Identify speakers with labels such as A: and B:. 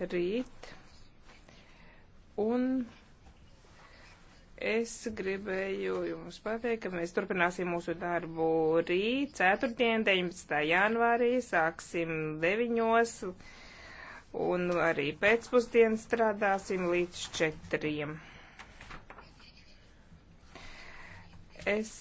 A: rīt. Un es gribēju jums pateikt, ka mēs turpināsim mūsu darbu rīt, ceturtdien, 19. janvārī, sāksim deviņos. Un arī pēcpusdienu strādāsim līdz četriem. Es